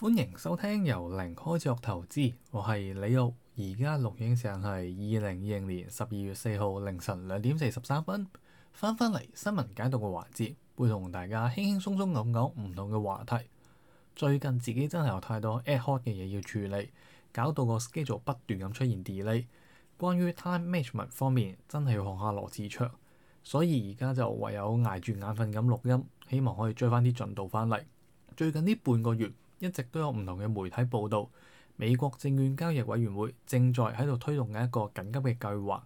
歡迎收聽由零開始學投資，我係李玉。而家錄影時間係二零二零年十二月四號凌晨兩點四十三分。翻返嚟新聞解讀嘅環節，會同大家輕輕鬆鬆咁講唔同嘅話題。最近自己真係有太多 ad hoc 嘅嘢要處理，搞到個 schedule 不斷咁出現 delay。關於 time management 方面，真係要學下羅志祥，所以而家就唯有挨住眼瞓咁錄音，希望可以追翻啲進度翻嚟。最近呢半個月，一直都有唔同嘅媒體報導，美國證券交易委員會正在喺度推動嘅一個緊急嘅計劃，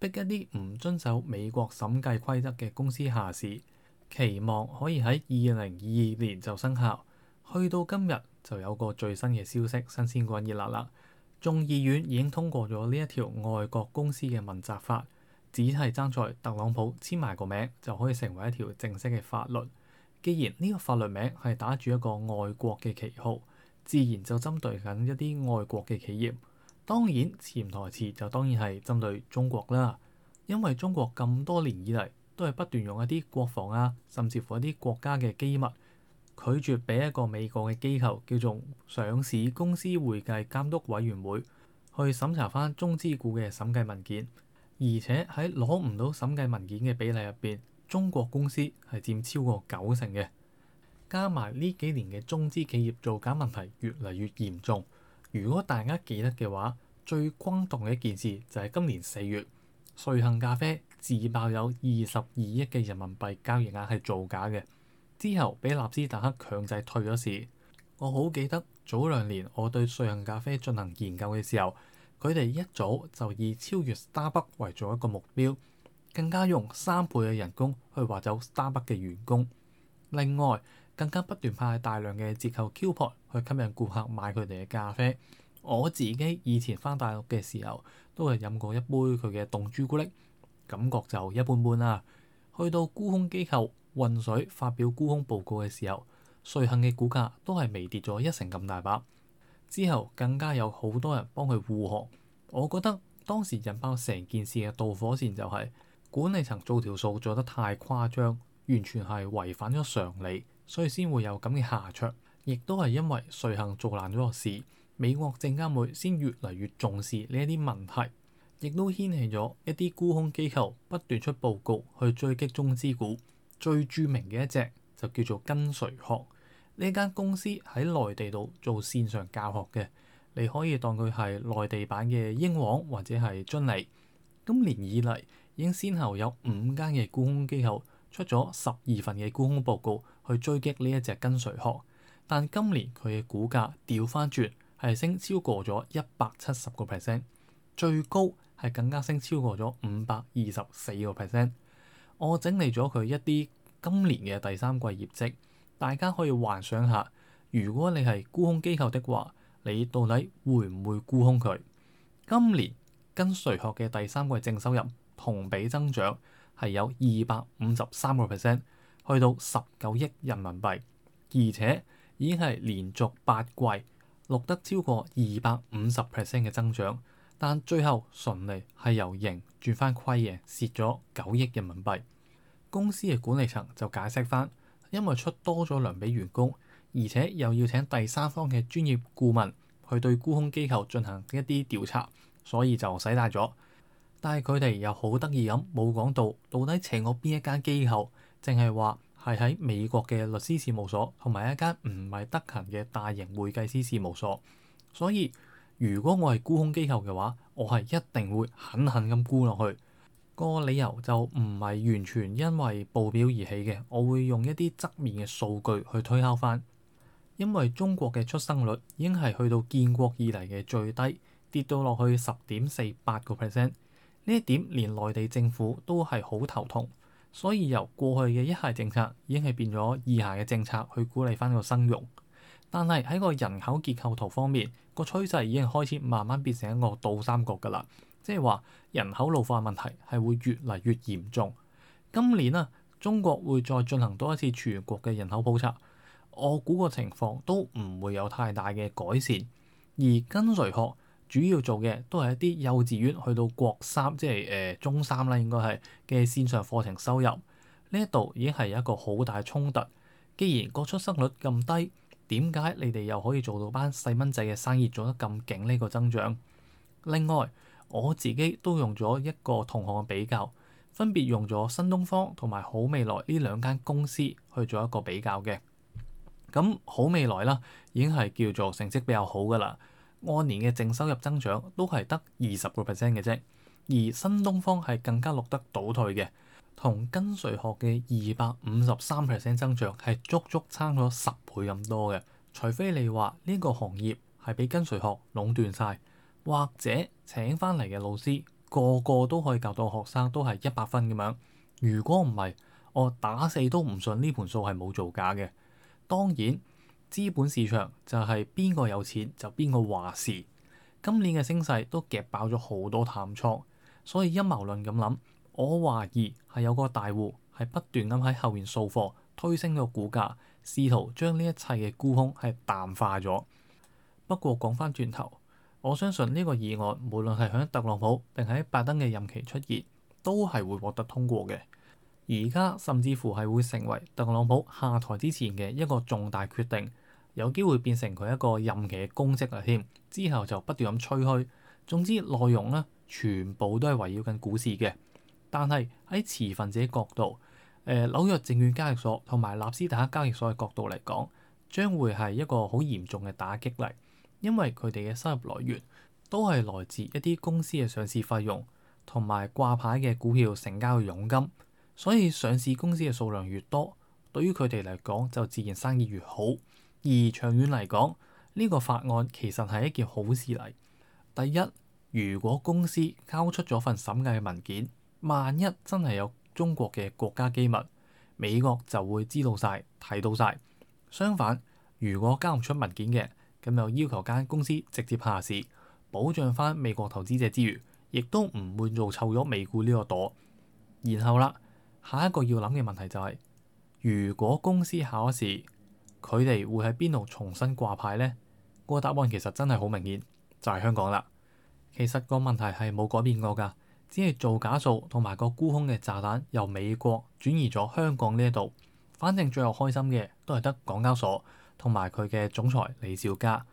逼一啲唔遵守美國審計規則嘅公司下市，期望可以喺二零二二年就生效。去到今日就有個最新嘅消息，新鮮滾熱辣喇，眾議院已經通過咗呢一條外國公司嘅問責法，只係爭在特朗普簽埋個名就可以成為一條正式嘅法律。既然呢個法律名係打住一個外國嘅旗號，自然就針對緊一啲外國嘅企業。當然潛台詞就當然係針對中國啦。因為中國咁多年以嚟都係不斷用一啲國防啊，甚至乎一啲國家嘅機密，拒絕俾一個美國嘅機構叫做上市公司會計監督委員會去審查翻中資股嘅審計文件，而且喺攞唔到審計文件嘅比例入邊。中國公司係佔超過九成嘅，加埋呢幾年嘅中資企業造假問題越嚟越嚴重。如果大家記得嘅話，最轟動嘅一件事就係今年四月瑞幸咖啡自爆有二十二億嘅人民幣交易額係造假嘅，之後俾納斯達克強制退咗市。我好記得早兩年我對瑞幸咖啡進行研究嘅時候，佢哋一早就以超越 Starbucks 為咗一個目標。更加用三倍嘅人工去挖走星巴克嘅員工，另外更加不斷派大量嘅折扣 coupon 去吸引顧客買佢哋嘅咖啡。我自己以前翻大陸嘅時候都係飲過一杯佢嘅凍朱古力，感覺就一般般啦。去到沽空機構混水發表沽空報告嘅時候，瑞幸嘅股價都係微跌咗一成咁大把。之後更加有好多人幫佢護航，我覺得當時引爆成件事嘅導火線就係、是。管理層做條數做得太誇張，完全係違反咗常理，所以先會有咁嘅下場。亦都係因為瑞幸做爛咗個事，美國證監會先越嚟越重視呢一啲問題，亦都牽起咗一啲沽空機構不斷出報告去追擊中資股。最著名嘅一隻就叫做跟隨學。呢間公司喺內地度做線上教學嘅，你可以當佢係內地版嘅英皇或者係遵理。今年以來。已經先後有五間嘅沽空機構出咗十二份嘅沽空報告去追擊呢一隻跟誰學，但今年佢嘅股價掉返轉係升超過咗一百七十個 percent，最高係更加升超過咗五百二十四個 percent。我整理咗佢一啲今年嘅第三季業績，大家可以幻想下，如果你係沽空機構的話，你到底會唔會沽空佢？今年跟誰學嘅第三季淨收入，同比增長係有二百五十三個 percent，去到十九億人民幣，而且已經係連續八季錄得超過二百五十 percent 嘅增長，但最後純利係由盈轉翻虧嘅，蝕咗九億人民幣。公司嘅管理層就解釋翻，因為出多咗糧俾員工，而且又要請第三方嘅專業顧問去對沽空機構進行一啲調查，所以就使大咗。但係佢哋又好得意咁冇講到到底邪我邊一間機構，淨係話係喺美國嘅律師事務所同埋一間唔係德勤嘅大型會計師事務所。所以如果我係沽空機構嘅話，我係一定會狠狠咁沽落去。那個理由就唔係完全因為報表而起嘅，我會用一啲側面嘅數據去推敲翻。因為中國嘅出生率已經係去到建國以嚟嘅最低，跌到落去十點四八個 percent。呢一點連內地政府都係好頭痛，所以由過去嘅一孩政策已經係變咗二孩嘅政策去鼓勵翻個生育。但係喺個人口結構圖方面，個趨勢已經開始慢慢變成一個倒三角㗎啦，即係話人口老化問題係會越嚟越嚴重。今年啊，中國會再進行多一次全國嘅人口普查，我估個情況都唔會有太大嘅改善，而跟隨學。主要做嘅都係一啲幼稚園去到國三，即係誒、呃、中三啦，應該係嘅線上課程收入，呢一度已經係有一個好大衝突。既然個出生率咁低，點解你哋又可以做到班細蚊仔嘅生意做得咁勁呢個增長？另外，我自己都用咗一個同行嘅比較，分別用咗新東方同埋好未來呢兩間公司去做一個比較嘅。咁、嗯、好未來啦，已經係叫做成績比較好噶啦。按年嘅淨收入增長都係得二十個 percent 嘅啫，而新東方係更加錄得倒退嘅，同跟誰學嘅二百五十三 percent 增長係足足差咗十倍咁多嘅。除非你話呢個行業係俾跟誰學壟斷晒，或者請翻嚟嘅老師個個都可以教到學生都係一百分咁樣。如果唔係，我打死都唔信呢盤數係冇造假嘅。當然。資本市場就係邊個有錢就邊個話事，今年嘅升勢都夾爆咗好多淡倉，所以陰謀論咁諗，我懷疑係有個大戶係不斷咁喺後面掃貨推升個股價，試圖將呢一切嘅沽空係淡化咗。不過講返轉頭，我相信呢個議案無論係響特朗普定喺拜登嘅任期出現，都係會獲得通過嘅。而家甚至乎係會成為特朗普下台之前嘅一個重大決定，有機會變成佢一個任期嘅功績啊添，之後就不斷咁吹噓。總之內容咧，全部都係圍繞緊股市嘅。但係喺持份者角度，誒、呃、紐約證券交易所同埋納斯達克交易所嘅角度嚟講，將會係一個好嚴重嘅打擊嚟，因為佢哋嘅收入來源都係來自一啲公司嘅上市費用同埋掛牌嘅股票成交嘅佣金。所以上市公司嘅數量越多，對於佢哋嚟講就自然生意越好。而長遠嚟講，呢、這個法案其實，係一件好事嚟。第一，如果公司交出咗份審計嘅文件，萬一真係有中國嘅國家機密，美國就會知道晒睇到晒。相反，如果交唔出文件嘅，咁又要求間公司直接下市，保障翻美國投資者之餘，亦都唔會做臭咗美股呢個朵。然後啦。下一個要諗嘅問題就係、是，如果公司考嗰時，佢哋會喺邊度重新掛牌呢？呢個答案其實真係好明顯，就係、是、香港啦。其實個問題係冇改變過噶，只係造假數同埋個沽空嘅炸彈由美國轉移咗香港呢一度。反正最後開心嘅都係得港交所同埋佢嘅總裁李兆嘉，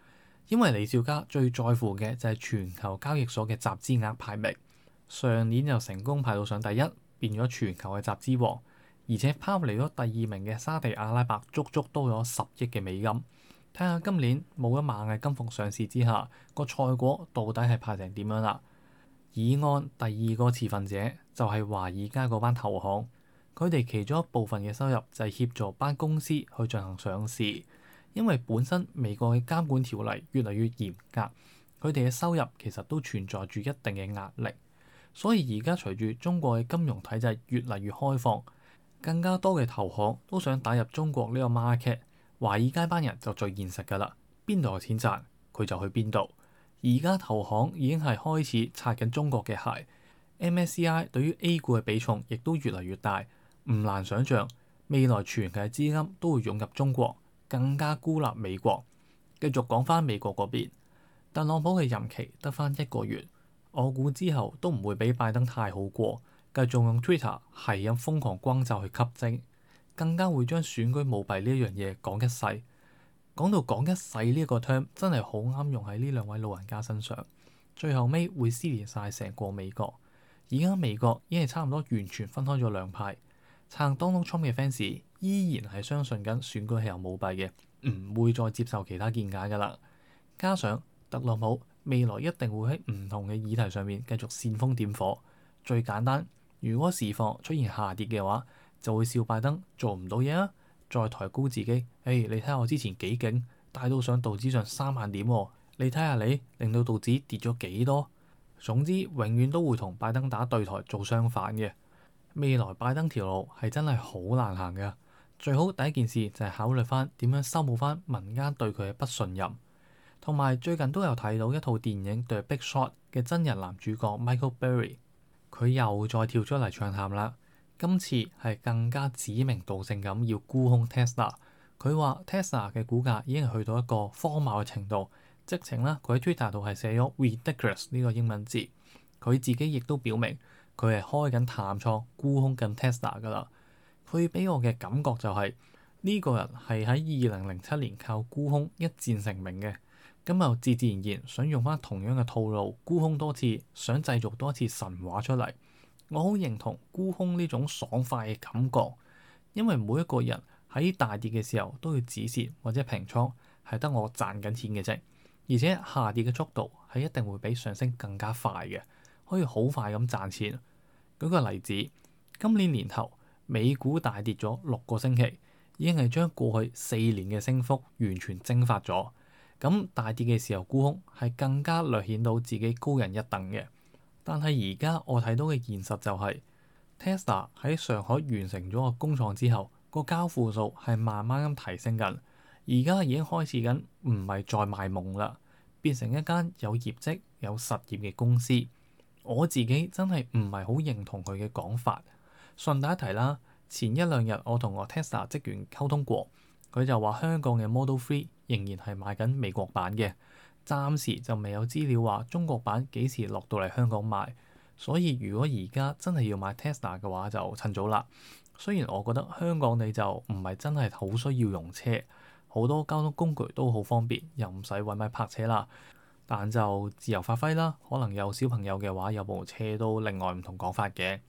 因為李兆嘉最在乎嘅就係全球交易所嘅集資額排名，上年又成功排到上第一。變咗全球嘅集資王，而且拋離咗第二名嘅沙地阿拉伯，足足多咗十億嘅美金。睇下今年冇咗螞蟻金服上市之下，個賽果到底係排成點樣啦？以按第二個持份者就係華爾街嗰班投行，佢哋其中一部分嘅收入就係協助班公司去進行上市，因為本身美國嘅監管條例越嚟越嚴格，佢哋嘅收入其實都存在住一定嘅壓力。所以而家隨住中國嘅金融體制越嚟越開放，更加多嘅投行都想打入中國呢個 market。華爾街班人就最現實㗎啦，邊度有錢賺佢就去邊度。而家投行已經係開始拆緊中國嘅鞋，MSCI 對於 A 股嘅比重亦都越嚟越大，唔難想象未來全球嘅資金都會湧入中國，更加孤立美國。繼續講翻美國嗰邊，特朗普嘅任期得翻一個月。我估之後都唔會畀拜登太好過，繼續用 Twitter 係咁瘋狂轟炸去吸睛，更加會將選舉舞弊呢一樣嘢講一世。講到講一世呢一個 term 真係好啱用喺呢兩位老人家身上，最後尾會撕裂晒成個美國。而家美國已經差唔多完全分開咗兩派，撐 Donald Trump 嘅 fans 依然係相信緊選舉係有舞弊嘅，唔會再接受其他見解噶啦。加上特朗普，未來一定會喺唔同嘅議題上面繼續煽風點火。最簡單，如果市況出現下跌嘅話，就會笑拜登做唔到嘢啊，再抬高自己。誒，你睇下我之前幾勁，帶到上道指上三萬點喎，啊，你睇下你令到道指跌咗幾多。總之，永遠都會同拜登打對台做相反嘅。未來拜登條路係真係好難行嘅。最好第一件事就係考慮翻點樣修補翻民間對佢嘅不信任。同埋最近都有睇到一套電影《The Big Short》嘅真人男主角 Michael Burry，佢又再跳出嚟唱淡啦。今次係更加指名道姓咁要沽空 Tesla。佢話 Tesla 嘅股價已經去到一個荒謬嘅程度，直情呢佢喺 Twitter 度係寫咗 ridiculous 呢個英文字。佢自己亦都表明佢係開緊淡倉沽空緊 Tesla 㗎喇。佢俾我嘅感覺就係呢個人係喺二零零七年靠沽空一戰成名嘅。咁我自自然然想用翻同樣嘅套路沽空多次，想製造多次神話出嚟。我好認同沽空呢種爽快嘅感覺，因為每一個人喺大跌嘅時候都要止蝕或者平倉，係得我賺緊錢嘅啫。而且下跌嘅速度係一定會比上升更加快嘅，可以好快咁賺錢。舉個例子，今年年頭美股大跌咗六個星期，已經係將過去四年嘅升幅完全蒸發咗。咁大跌嘅時候，沽空係更加略顯到自己高人一等嘅。但係而家我睇到嘅現實就係 Tesla 喺上海完成咗個工廠之後，個交付數係慢慢咁提升緊。而家已經開始緊唔係再賣夢啦，變成一間有業績、有實業嘅公司。我自己真係唔係好認同佢嘅講法。順帶一提啦，前一兩日我同個 Tesla 職員溝通過。佢就話香港嘅 Model 3仍然係賣緊美國版嘅，暫時就未有資料話中國版幾時落到嚟香港賣。所以如果而家真係要買 Tesla 嘅話，就趁早啦。雖然我覺得香港你就唔係真係好需要用車，好多交通工具都好方便，又唔使搵咪泊車啦。但就自由發揮啦，可能有小朋友嘅話，有部車都另外唔同講法嘅。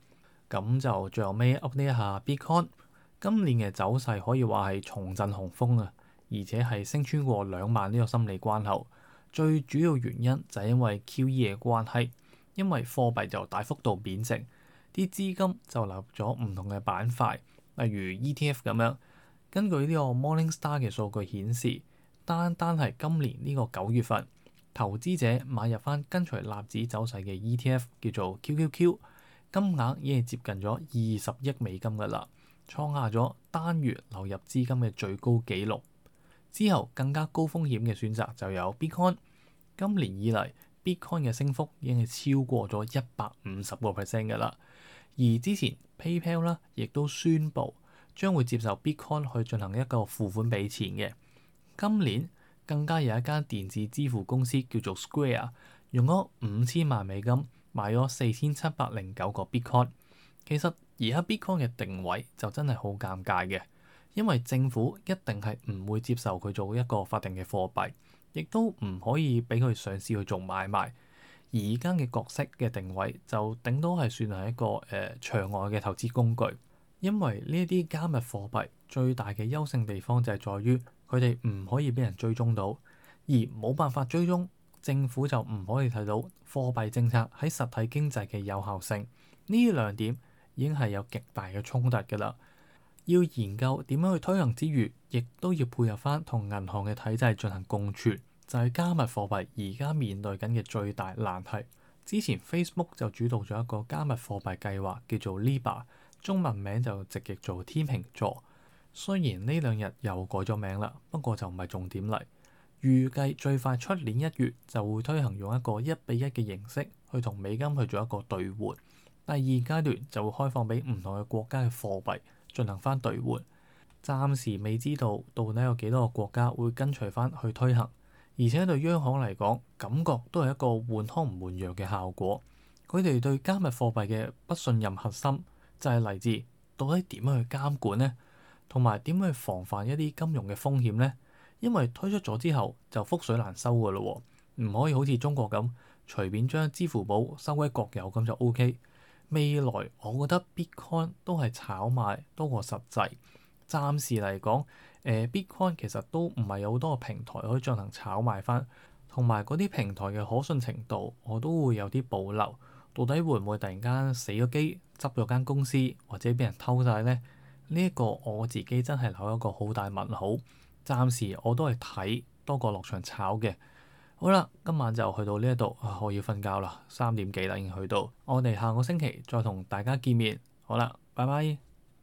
咁就最後尾 update 一下 Bitcoin。今年嘅走勢可以話係重振雄風啊，而且係升穿過兩萬呢個心理關口。最主要原因就係因為 QE 嘅關係，因為貨幣就大幅度貶值，啲資金就流入咗唔同嘅板塊，例如 ETF 咁樣。根據呢個 Morningstar 嘅數據顯示，單單係今年呢個九月份，投資者買入翻跟隨納指走勢嘅 ETF 叫做 QQQ，金額已經係接近咗二十億美金噶啦。創下咗單月流入資金嘅最高紀錄。之後更加高風險嘅選擇就有 Bitcoin。今年以嚟，Bitcoin 嘅升幅已經係超過咗一百五十個 percent 㗎喇。而之前 PayPal 啦，亦都宣布將會接受 Bitcoin 去進行一個付款俾錢嘅。今年更加有一間電子支付公司叫做 Square，用咗五千萬美金買咗四千七百零九個 Bitcoin。其實而阿 Bitcoin 嘅定位就真係好尷尬嘅，因為政府一定係唔會接受佢做一個法定嘅貨幣，亦都唔可以俾佢上市去做買賣，而家嘅角色嘅定位就頂多係算係一個誒、呃、場外嘅投資工具，因為呢一啲加密貨幣最大嘅優勝地方就係在於佢哋唔可以俾人追蹤到，而冇辦法追蹤，政府就唔可以睇到貨幣政策喺實體經濟嘅有效性呢兩點，已經係有極大嘅衝突㗎啦。要研究點樣去推行之餘，亦都要配合翻同銀行嘅體制進行共存，就係加密貨幣而家面對緊嘅最大難題。之前 Facebook 就主導咗一個加密貨幣計劃，叫做 Libra，中文名就直譯做天秤座。雖然呢兩日又改咗名啦，不過就唔係重點嚟。預計最快出年一月就會推行，用一個一比一嘅形式去同美金去做一個兌換。第二階段就會開放俾唔同嘅國家嘅貨幣進行翻兌換。暫時未知道到底有幾多個國家會跟隨翻去推行，而且對央行嚟講，感覺都係一個換湯唔換藥嘅效果。佢哋對加密貨幣嘅不信任核心就係嚟自到底點樣去監管呢？同埋點樣去防範一啲金融嘅風險呢？因為推出咗之後就覆水難收㗎咯，唔可以好似中國咁隨便將支付寶收歸國有咁就 OK。未來我覺得 Bitcoin 都係炒賣多過實際，暫時嚟講，誒、呃、Bitcoin 其實都唔係有好多個平台可以進行炒賣翻，同埋嗰啲平台嘅可信程度我都會有啲保留。到底會唔會突然間死咗機、執咗間公司或者俾人偷晒咧？呢、這、一個我自己真係留一個好大問號。暫時我都係睇多過落場炒嘅。好啦，今晚就去到呢一度啊，我要瞓覺啦。三點幾啦已經去到，我哋下個星期再同大家見面。好啦，拜拜。